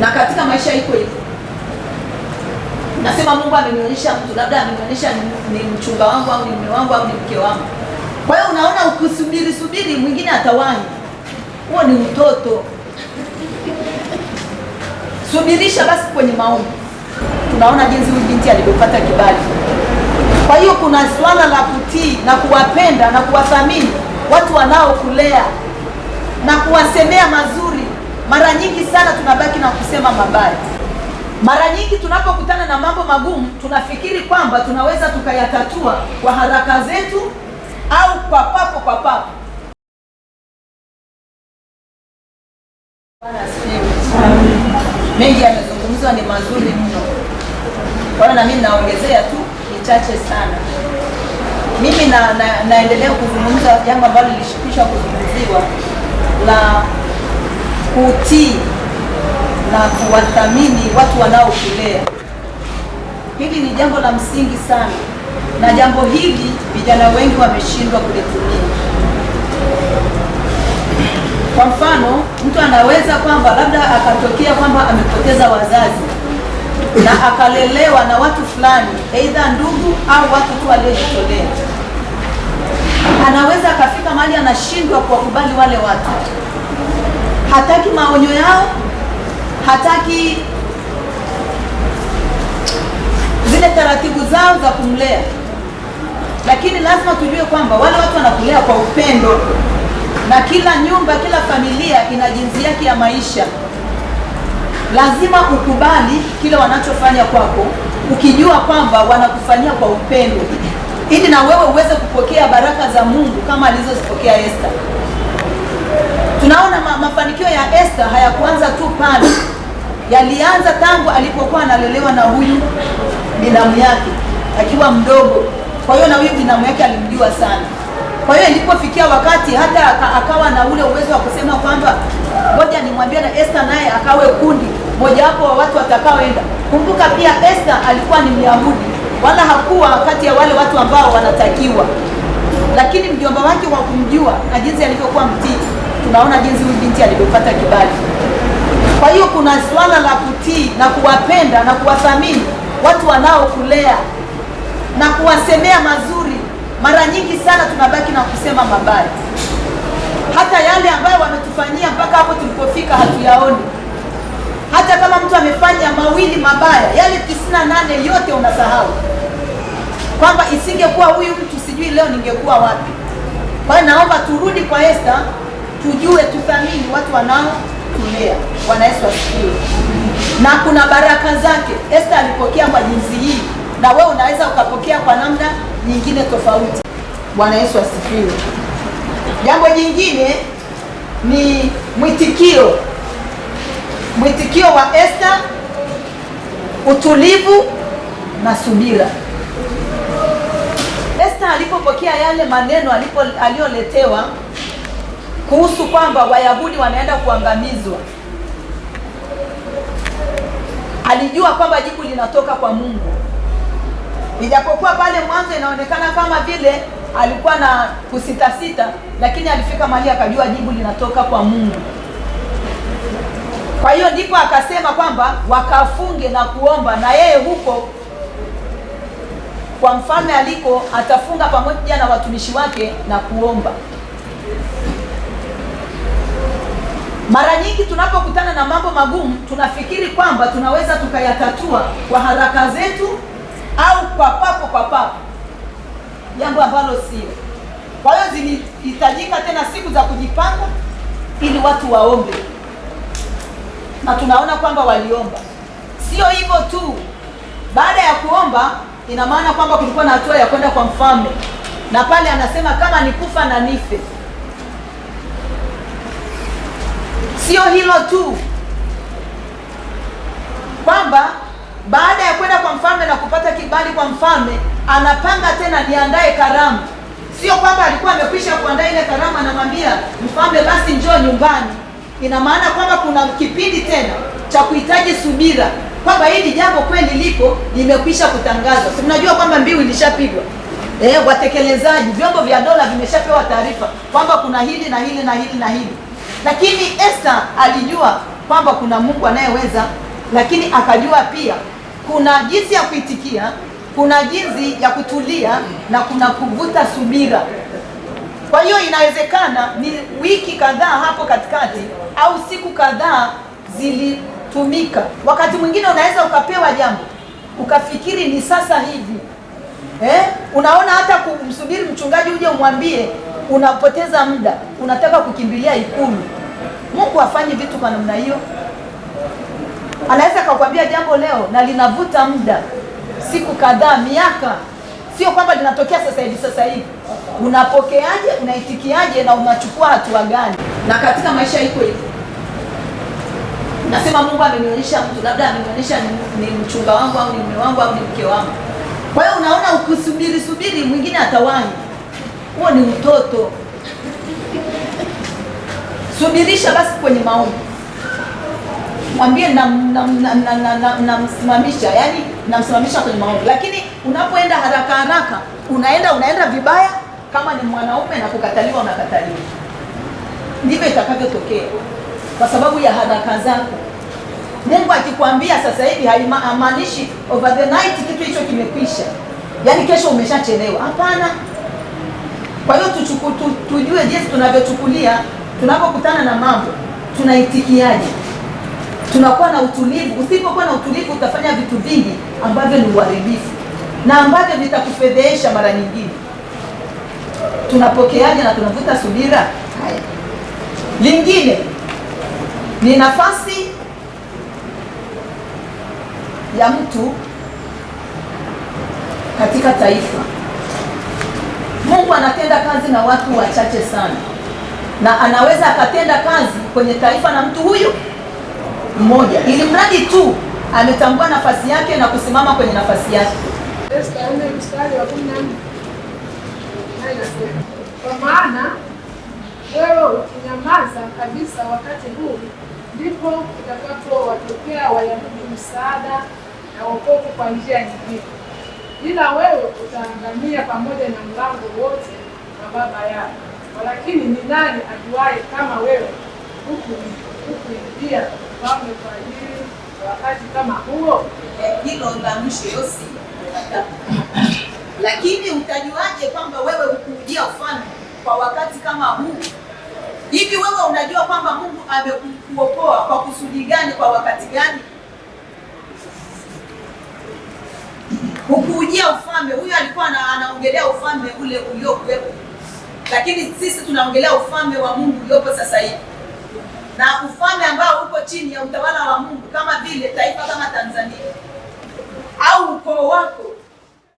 na katika maisha iko hivyo. Nasema Mungu amenionyesha mtu, labda amenionyesha ni mchumba wangu au ni mume wangu au ni mke wangu. Kwa hiyo unaona, ukisubiri subiri mwingine atawahi. Huo ni mtoto Subirisha basi kwenye maombi. Tunaona jinsi huyu binti alivyopata kibali. Kwa hiyo kuna swala la kutii na kuwapenda na kuwathamini watu wanaokulea na kuwasemea mazuri. Mara nyingi sana tunabaki na kusema mabaya. Mara nyingi tunapokutana na mambo magumu, tunafikiri kwamba tunaweza tukayatatua kwa haraka zetu au kwa papo kwa papo. Mengi yamezungumzwa ni mazuri mno, kwa hiyo na mimi naongezea tu michache sana. Mimi na, na, naendelea kuzungumza jambo ambalo lilishikishwa kuzungumziwa la kutii na kuwathamini watu wanaokulea. Hili ni jambo la msingi sana, na jambo hili vijana wengi wameshindwa kulitumia. Kwa mfano, mtu anaweza kwamba labda akatokea kwamba amepoteza wazazi na akalelewa na watu fulani, aidha ndugu au watu tu waliojitolea. Anaweza akafika mahali anashindwa kuwakubali wale watu hataki maonyo yao, hataki zile taratibu zao za kumlea, lakini lazima tujue kwamba wale watu wanakulea kwa upendo, na kila nyumba, kila familia ina jinsi yake ya maisha. Lazima ukubali kile wanachofanya kwako, ukijua kwamba wanakufanyia kwa upendo, ili na wewe uweze kupokea baraka za Mungu kama alizozipokea Esther. Tunaona ma, mafanikio ya Esther hayakuanza tu pale, yalianza tangu alipokuwa analelewa na huyu binamu yake akiwa mdogo. Kwa hiyo na huyu binamu yake alimjua sana. Kwa hiyo ilipofikia wakati hata akawa na ule uwezo wa kusema kwamba ngoja nimwambie na Esther naye akawe kundi mojawapo wa watu watakaoenda. Kumbuka pia Esther alikuwa ni Myahudi, wala hakuwa kati ya wale watu ambao wanatakiwa, lakini mjomba wake wa kumjua na jinsi alivyokuwa mtii tunaona jinsi huyu binti alivyopata kibali. Kwa hiyo kuna swala la kutii na kuwapenda na kuwathamini watu wanaokulea na kuwasemea mazuri. Mara nyingi sana tunabaki na kusema mabaya, hata yale ambayo wametufanyia mpaka hapo tulipofika hatuyaoni. Hata kama mtu amefanya mawili mabaya, yale tisini na nane yote unasahau kwamba isingekuwa huyu mtu, sijui leo ningekuwa wapi. Kwa hiyo naomba turudi kwa Esther tujue, tuthamini watu wanaotulea. Bwana Yesu asifiwe. Na kuna baraka zake. Esther alipokea kwa jinsi hii, na wewe unaweza ukapokea kwa namna nyingine tofauti. Bwana Yesu asifiwe. Jambo jingine ni mwitikio, mwitikio wa Esther, utulivu na subira. Esther alipopokea yale maneno alipo aliyoletewa kuhusu kwamba Wayahudi wanaenda kuangamizwa. Alijua kwamba jibu linatoka kwa Mungu, ijapokuwa pale mwanzo inaonekana kama vile alikuwa na kusitasita, lakini alifika mahali akajua jibu linatoka kwa Mungu. Kwa hiyo ndipo akasema kwamba wakafunge na kuomba, na yeye huko kwa mfalme aliko atafunga pamoja na watumishi wake na kuomba. Mara nyingi tunapokutana na mambo magumu tunafikiri kwamba tunaweza tukayatatua kwa haraka zetu au kwa papo kwa papo, jambo ambalo sio. Kwa hiyo zilihitajika tena siku za kujipanga ili watu waombe, na tunaona kwamba waliomba. Sio hivyo tu, baada ya kuomba, ina maana kwamba kulikuwa na hatua ya kwenda kwa mfalme, na pale anasema kama nikufa na nife Sio hilo tu kwamba baada ya kwenda kwa mfalme na kupata kibali kwa mfalme, anapanga tena niandae karamu. Sio kwamba alikuwa amekwisha kuandaa ile karamu, anamwambia mfalme, basi njoo nyumbani. Ina maana kwamba kuna kipindi tena cha kuhitaji subira, kwamba hili jambo kweli lipo, limekwisha kutangazwa. Si mnajua kwamba mbiu ilishapigwa eh? Watekelezaji, vyombo vya dola vimeshapewa taarifa kwamba kuna hili na hili na hili na hili lakini Esther alijua kwamba kuna Mungu anayeweza, lakini akajua pia kuna jinsi ya kuitikia, kuna jinsi ya kutulia na kuna kuvuta subira. Kwa hiyo inawezekana ni wiki kadhaa hapo katikati au siku kadhaa zilitumika. Wakati mwingine unaweza ukapewa jambo ukafikiri ni sasa hivi eh? Unaona, hata kumsubiri mchungaji uje umwambie unapoteza muda, unataka kukimbilia Ikulu. Mungu afanye vitu kwa namna hiyo. Anaweza akakwambia jambo leo na linavuta muda siku kadhaa, miaka, sio kwamba linatokea sasa hivi. Sasa hivi unapokeaje? Unaitikiaje? na unachukua hatua gani? Na katika maisha iko hivyo, nasema Mungu amenionyesha mtu, labda amenionyesha ni, ni mchumba wangu au ni mume wangu au ni mke wangu. Kwa hiyo unaona, ukusubiri subiri, mwingine atawahi huo ni mtoto Subirisha basi kwenye maombi, mwambie namsimamisha na, na, na, na, na, na yani namsimamisha kwenye maombi. Lakini unapoenda haraka haraka, unaenda unaenda vibaya. Kama ni mwanaume na kukataliwa, unakataliwa. Ndivyo itakavyotokea kwa sababu ya haraka zako. Mungu akikwambia sasa hivi haimaanishi over the night kitu hicho kimekwisha, yaani kesho umeshachelewa. Hapana. Kwa hiyo tu, tujue jinsi tunavyochukulia, tunapokutana na mambo tunaitikiaje, tunakuwa na utulivu. Usipokuwa na utulivu, utafanya vitu vingi ambavyo ni uharibifu na ambavyo vitakufedhesha mara nyingine. Tunapokeaje na tunavuta subira. Haya, lingine ni nafasi ya mtu katika taifa Mungu anatenda kazi na watu wachache sana, na anaweza akatenda kazi kwenye taifa na mtu huyu mmoja, ili mradi tu ametambua nafasi yake na kusimama kwenye nafasi yake. Kwa maana wewe ukinyamaza kabisa wakati huu, ndipo utakapo watokea Wayahudi msaada na wokovu kwa njia nyingine ila wewe utaangamia pamoja na mlango wote na baba yako. Walakini ni nani ajuaye kama wewe hukuingia ufalme kwa ajili wakati kama huo? Hilo ndamsho Yosi. Lakini utajuaje kwamba wewe hukuingia ufalme kwa wakati kama huu? Hivi wewe unajua kwamba Mungu amekuokoa kwa kusudi gani, kwa wakati gani? kujia ufalme. Huyu alikuwa anaongelea ufalme ule uliokuwepo, lakini sisi tunaongelea ufalme wa Mungu uliopo sasa hivi, na ufalme ambao uko chini ya utawala wa Mungu, kama vile taifa kama Tanzania au ukoo wako